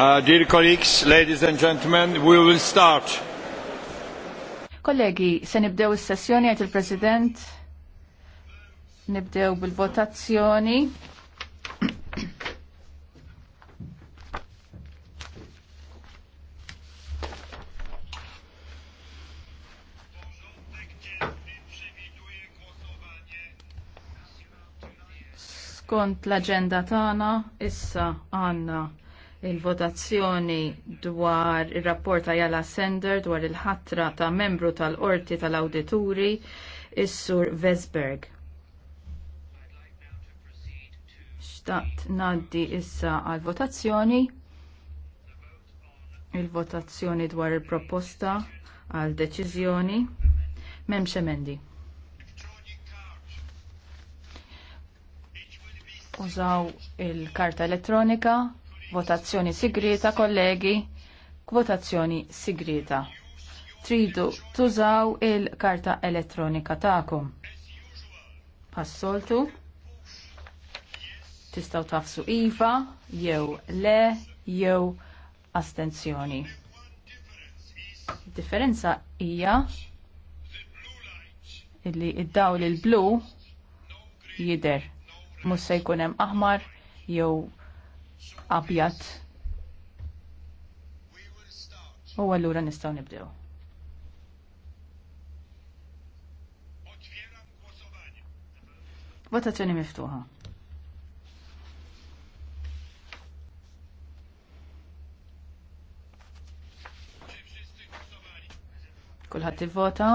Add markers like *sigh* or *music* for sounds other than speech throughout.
Uh, dear colleagues, ladies and gentlemen, we will start. Kollegi, se nibdew is-sessjoni għajt il-President. Nibdew bil-votazzjoni. Skont l-agenda tagħna issa għandna il-votazzjoni dwar ir il rapport ta' Jala Sender dwar il-ħatra ta' membru tal-Qorti tal-Awdituri is-Sur Vesberg. Xtaqt ngħaddi issa għal votazzjoni. Il-votazzjoni dwar il-proposta għal deċiżjoni. M'hemmx emendi. Użaw il-karta elettronika votazzjoni sigrieta kollegi, votazzjoni sigrieta Tridu tużaw il-karta elettronika ta'kom. Passoltu, tistaw tafsu iva, jew le, jew astenzjoni. Differenza hija illi id-dawl il-blu jider. Mus se jkun hemm aħmar jew abjad. U allura nistgħu nibdew. Votazzjoni miftuħa. Kulħadd ivvota.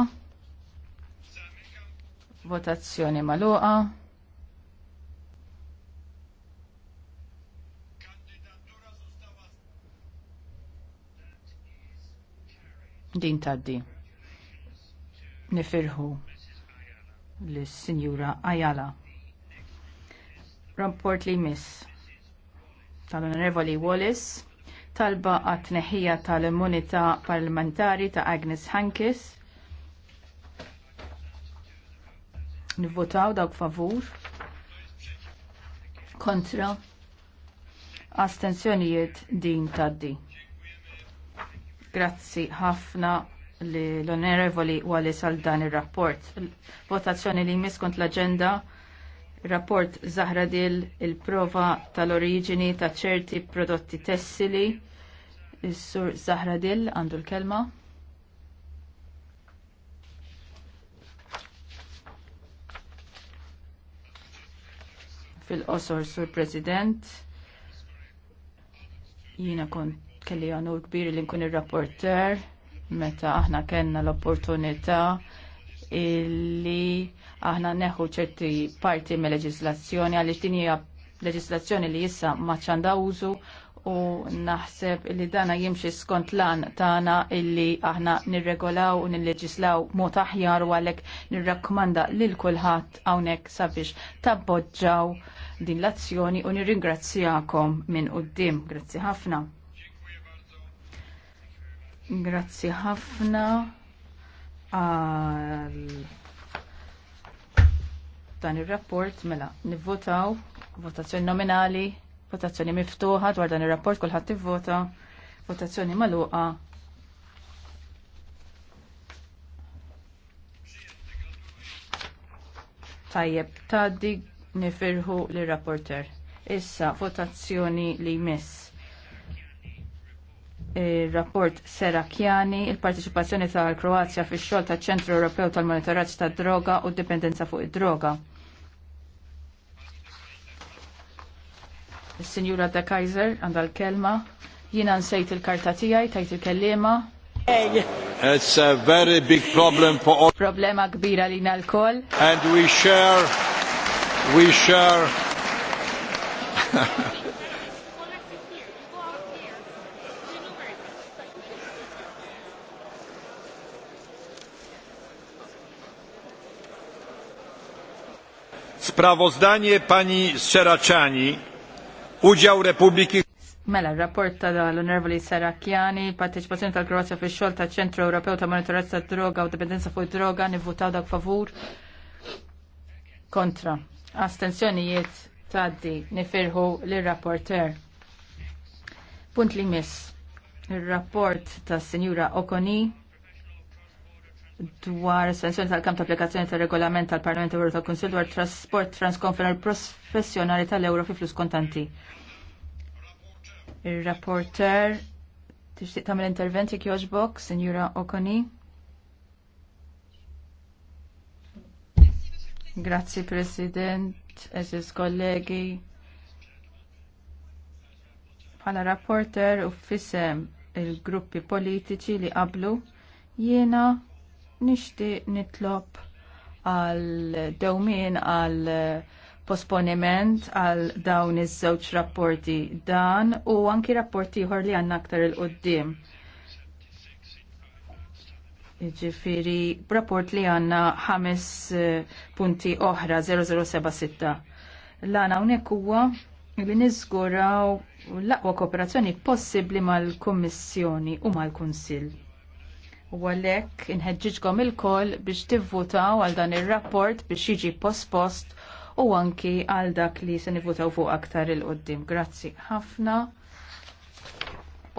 Votazzjoni magħluqa. din taddi. Nifirħu l-Sinjura Ajala. Rapport li miss tal-Onorevoli Wallis talba għat neħija tal immunita parlamentari ta' Agnes Hankis. Nivvotaw dawk favur. Kontra. Astenzjonijiet din taddi. Grazzi ħafna l-onorevoli għalis għal dan il-rapport. Votazzjoni li miskont l-agenda rapport Zahradil il-prova tal origini ta' ċerti prodotti tessili. Is-sur Zahradil għandu l-kelma. Fil-qosor, sur President, jina kont kelli għanur kbir li nkun il-rapporter meta aħna kenna l-opportunità illi aħna neħu ċerti parti me leġislazzjoni għalli din hija leġislazzjoni li jissa maċċanda użu u naħseb li dana jimxi skont lan tana illi aħna nirregolaw u nilleġislaw mod aħjar u għalek nirrakkomanda lil kulħadd hawnhekk sabiex tabboġġaw din l-azzjoni u nirringrazzjakom minn qudiem. Grazzi ħafna. Grazzi ħafna għal dan il-rapport mela nivvotaw votazzjoni nominali, votazzjoni miftuħa dwar dan il-rapport kulħadd tivvota, votazzjoni magħluqa. Tajjeb, tgħaddi nifirħu l-rapporter. Issa, votazzjoni li jmiss il-rapport Serakjani, il-partiċipazzjoni tal-Kroazja fi xogħol taċ ċentru Ewropew tal-Monitoraġġ tad-droga u d-dipendenza fuq id-droga. Is-Sinjura De Kaiser għandha l-kelma. jina nsejt il-karta tiegħi tajt il-kellima. It's a very big problem for all. Problema kbira li l And we share, we share *laughs* Sprawozdanie pani Serraciani, udział Republiki Mela, rapport ta' l-Onorevoli Sarakjani, partecipazzjoni tal-Kroazja fi xogħol ta' ċentru Ewropew ta' monitorazzja ta' droga u dipendenza fuq droga nivvutaw dak favur kontra. Astenzjonijiet tad-di nifirħu l-rapporter. Punt li miss. Il-rapport ta' Sinjura Okoni dwar sensjoni tal-kamp ta' applikazzjoni tal-regolament tal-Parlament Ewropew tal konsil dwar trasport transkonfinal professjonali tal-euro fi flus kontanti. Ir-rapporter tixtieq tagħmel intervent jekk jogħġbok, Sinjura Okoni. Grazzi President, eżis kollegi. Bħala rapporter u fissem il-gruppi politiċi li qablu jiena nixtieq nitlob għal dewmien għal posponiment għal dawn iż-żewġ rapporti dan u anki rapporti ieħor li għandna aktar il-qoddim. Ġifiri, rapport li għandna ħames eh, punti oħra 0076. L-għana unek huwa li niżguraw l-aqwa kooperazzjoni possibbli mal-Kummissjoni u mal-Kunsill u għalhekk il-kol biex tivvutaw għal dan ir-rapport biex jiġi post u anki għal dak li se nivvutaw fuq aktar il-qoddim. Grazzi ħafna.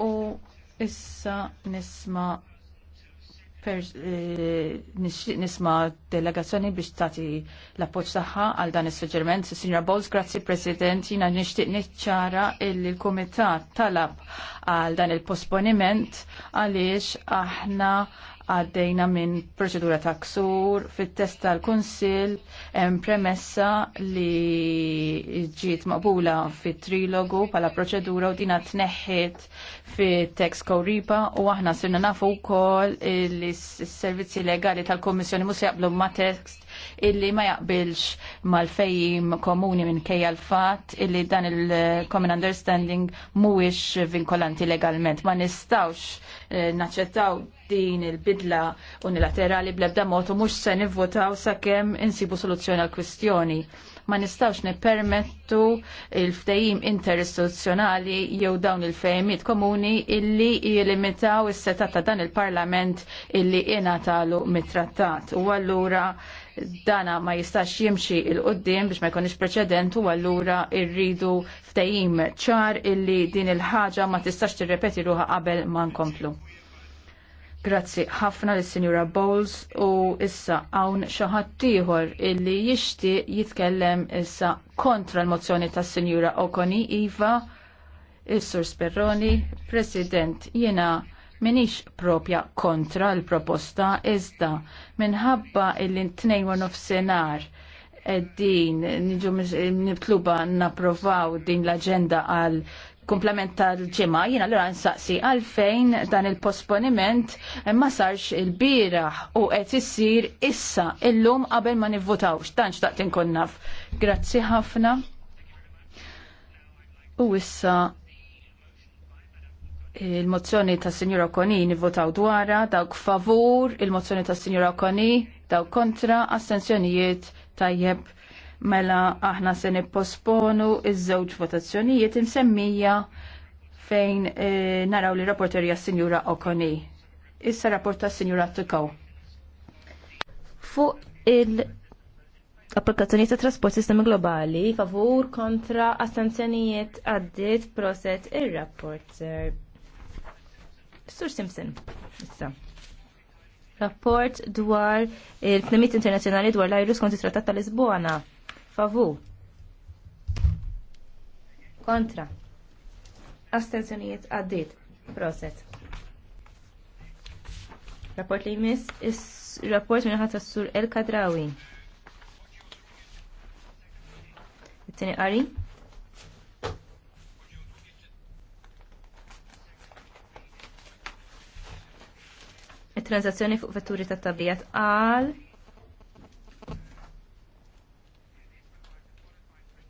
U issa nisma' Eh, nisma delegazzjoni biex tati l-appoċ taħħa għal dan il-sugġerment. Signora Bowles, grazzi President, jina nishtiq nitċara il-Komitat talab għal dan il-posponiment għaliex aħna għaddejna minn proċedura ta' ksur, fit-test tal-Kunsil, premessa li ġiet maqbula fit-trilogu pala proċedura u dina tneħħit fit text koripa u aħna sirna nafu wkoll li s-servizzi legali tal-Kommissjoni mhux jaqblu ma' tekst illi ma jaqbilx mal-fejjim komuni minn kejja l-fat illi dan il-common understanding mhuwiex vinkolanti legalment. Ma nistawx eh, naċċettaw din il-bidla unilaterali bl-ebda mod mhux se nivvotaw sakemm insibu soluzzjoni għal kwistjoni Ma nistawx nippermettu il-ftehim interistituzzjonali jew dawn il-fejmiet komuni illi jilimitaw is-setat ta' dan il-Parlament illi ingħatalu mit-trattat. U allura dana ma jistax jimxi il-qoddim biex ma jkunix preċedent u allura irridu ftajim ċar illi din il-ħaġa ma tistax tirrepeti ruħa qabel ma nkomplu. Grazzi ħafna l sinjura Bowles u issa hawn xi ħaddieħor illi jixtieq jitkellem issa kontra l-mozzjoni tas sinjura Okoni Iva, il sur Sperroni, President, jena minix propja kontra l-proposta iżda minħabba illi ntnejn u nofsinhar din nitluba napprovaw din l-agenda għal komplement tal-ġimgħa jiena allura nsaqsi għalfejn dan il-posponiment ma sarx il-bieraħ u qed issir issa illum qabel ma nivvutawx. Dan xtaqt inkun naf. Grazzi ħafna. U issa il-mozzjoni ta' Sinjura Koni nivvotaw dwara, dawk favur, il-mozzjoni ta' Sinjura Koni, dawk kontra, assenzjonijiet tajjeb mela aħna se nipposponu iż-żewġ votazzjonijiet insemmija fejn e, naraw li rapporterja Sinjura Okoni. Issa rapporta Sinjura Tukaw. Fuq il- Applikazzjoni ta' trasport sistemi globali favur kontra astanzjonijiet għaddit proset ir-rapporter. Sur Simpson, issa rapport dwar il-ftemiet internazzjonali dwar l-ajrus konti trattat tal-Lisbona. Favur. Kontra. Astenzjonijiet għaddit. Proset. Rapport li jmiss is-rapport minn ħadd sur El Kadrawi. it għari? It-transazzjoni fuq vetturi tat-tabijat għal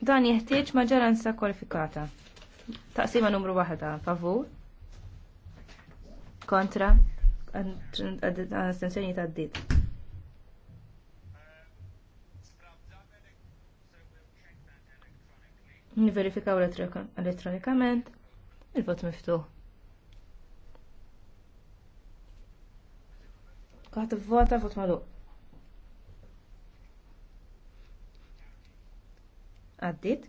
Dan jeħtieġ maġġoranza kwalifikata. Taqsima numru waħda, favur. Kontra. Astenzjoni ta' d-dit. Niverifikaw elettronikament il-vot miftuħ. Għat vota vot maluq. għaddit.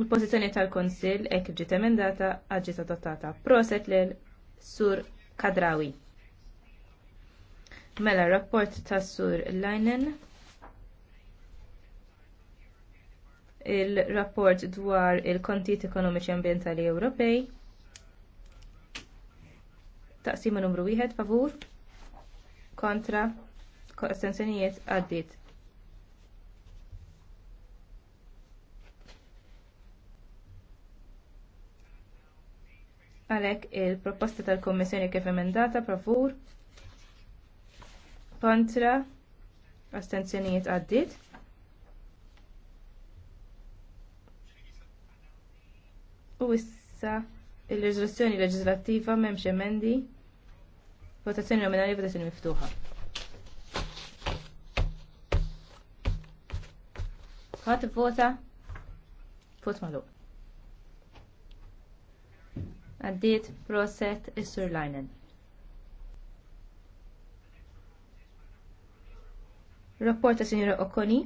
Il-pozizjoni tal-Konsil hekk ġiet emendata ġiet adottata. Proset lil Sur Kadrawi. Mela rapport tas Sur Leinen. Il-rapport dwar il-kontit ekonomiċi e ambjentali Ewropej. Taqsima numru wieħed favur kontra astensjonijiet għaddit. Għalhekk il-proposta tal kummissjoni kif emendata favur kontra astenzjonijiet għaddit. U issa il-leġislazzjoni leġislattiva m'hemmx emendi. Votazzjoni nominali, votazzjoni miftuħa. Ħadd vota Vot magħluq. Għaddiet proset is lajnen. Rapporta' Rapport ta' Sinjora Okoni.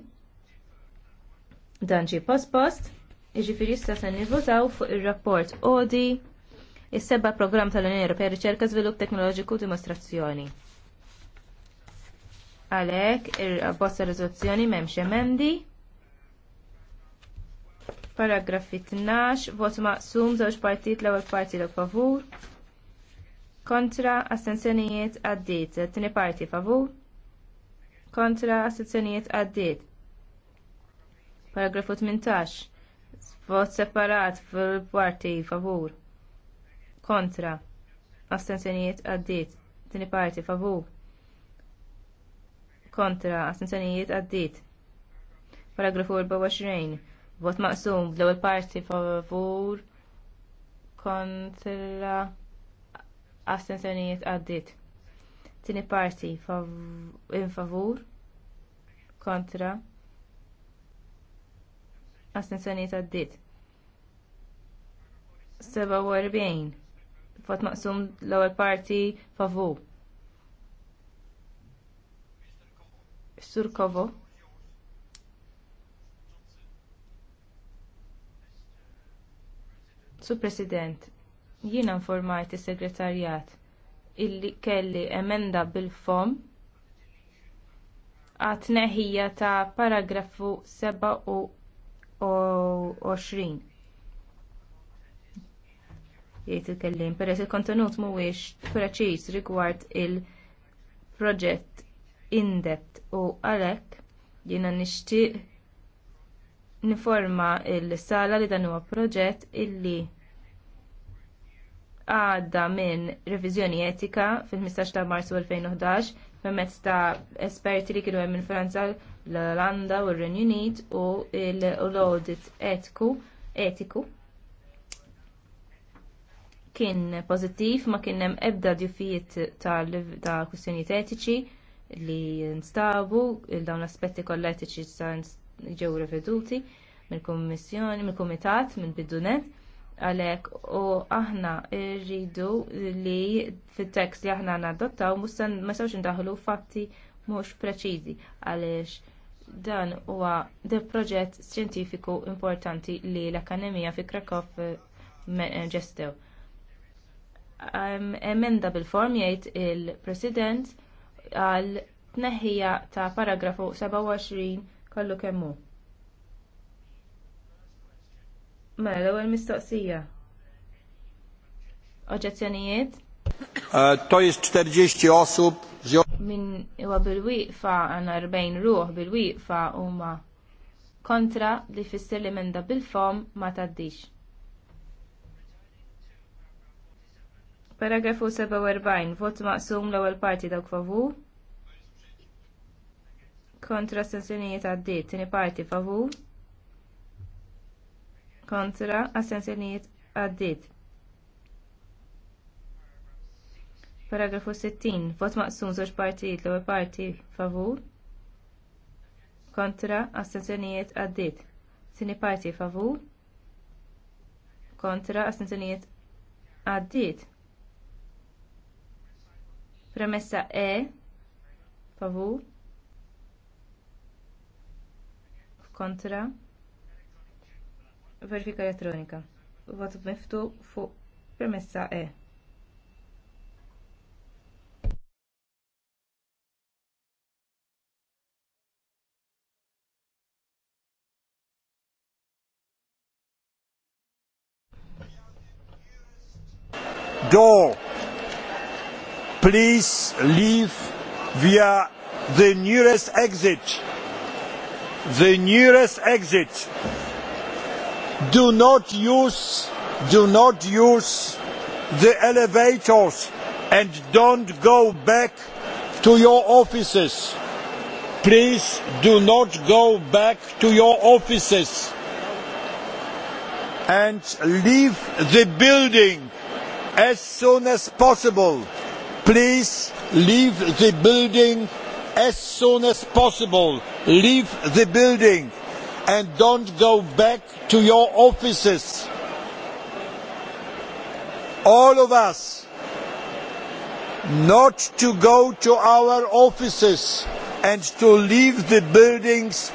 Dan post-post, iġifiri issa se nivvotaw fuq ir-rapport Odi Is-seba' programm tal-Unjoni Ewropea riċerka żvilupp teknoloġiku u dimostrazzjoni. Għalhekk il-bosta riżoluzzjoni m'hemmx emendi. Paragrafi 12, vot maqsum żewġ partit l-ewwel parti lok favur. Kontra astensjonijiet għaddiet, tieni parti favur. Kontra astensjonijiet għaddiet. Paragrafu 18, vot separat fil-parti favur kontra astenzjonijiet għaddiet tini parti favur kontra astenzjonijiet għaddiet paragrafu 24 vot maqsum l-ewwel parti favur kontra astenzjonijiet għaddiet tini parti in favur kontra astenzjonijiet għaddiet 47 fat maqsum l-ewwel parti favu. Sur Kovo. Sur President, jiena informajt is-Segretarjat illi kelli emenda bil-fom għat neħija ta' paragrafu 27 jgħid il-kellim. Peress il-kontenut mhuwiex preċiż rigward il-proġett indept u għalhekk jiena nixtieq niforma il-sala li dan huwa proġett illi għadda minn reviżjoni etika fil-15 ta' Marzu 2011 permezz ta' esperti li kienu hemm minn Franza, l-Olanda u r-Renju Unit u l-Audit Etiku kien pożittiv ma kien hemm ebda djufijiet ta' kwistjonijiet etiċi li nstabu dawn l-aspetti kollha etiċi sa ġew riveduti mill-kummissjoni, mill-kumitat, mill-bidunet għalhekk u aħna rridu li fit-tekst li aħna nadottaw ma sawx indaħlu fatti mhux preċiżi għaliex dan huwa de proġett xjentifiku importanti li l-Akademija fi Krakow eh, eh, ġestew Um, emenda bil-form jgħid il-President għal tneħħija ta' paragrafu 27 kollu kemm hu. Mela l-ewwel mistoqsija. Oġġezzjonijiet? Uh, to jest 40 osub Min huwa bil-wieqfa għan 40 ruħ bil-wieqfa huma kontra li fisser l-emenda bil-fom ma taddix. Paragrafu 47, vot maqsum l-ewwel parti dawk favur. Kontra assenzjonijiet għaddiet, tieni parti favur. Kontra assenzjonijiet għaddiet. Paragrafu 60, vot maqsum żewġ partijiet l-ewwel parti favur. Kontra assenzjonijiet għaddiet. Tieni parti favur. Kontra astensjonijiet għaddiet. Premessa E, pavu, kontra, verifika elettronika. Vot miftu fu premessa E. Go! please leave via the nearest exit. The nearest exit. Do not use, do not use the elevators and don't go back to your offices. Please do not go back to your offices and leave the building as soon as possible. Please leave the building as soon as possible. Leave the building and don't go back to your offices. All of us not to go to our offices and to leave the buildings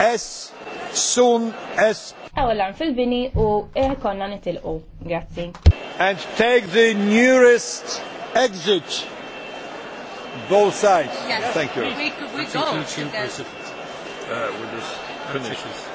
as soon as possible. Eh, and take the nearest exit both sides. Yes. Thank you. We, we, we go. Uh, with this finishes.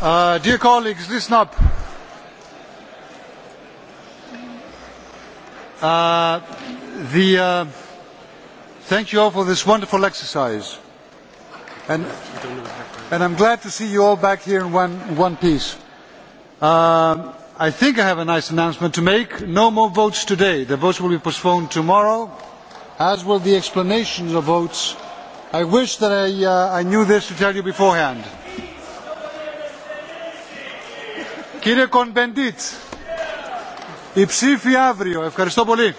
Uh, dear colleagues, listen up. Uh, the, uh, thank you all for this wonderful exercise. And, and I'm glad to see you all back here in one, one piece. Uh, I think I have a nice announcement to make. No more votes today. The votes will be postponed tomorrow, as will the explanations of votes. I wish that I, uh, I knew this to tell you beforehand. Κύριε Κονπεντίτ, η ψήφη αύριο. Ευχαριστώ πολύ.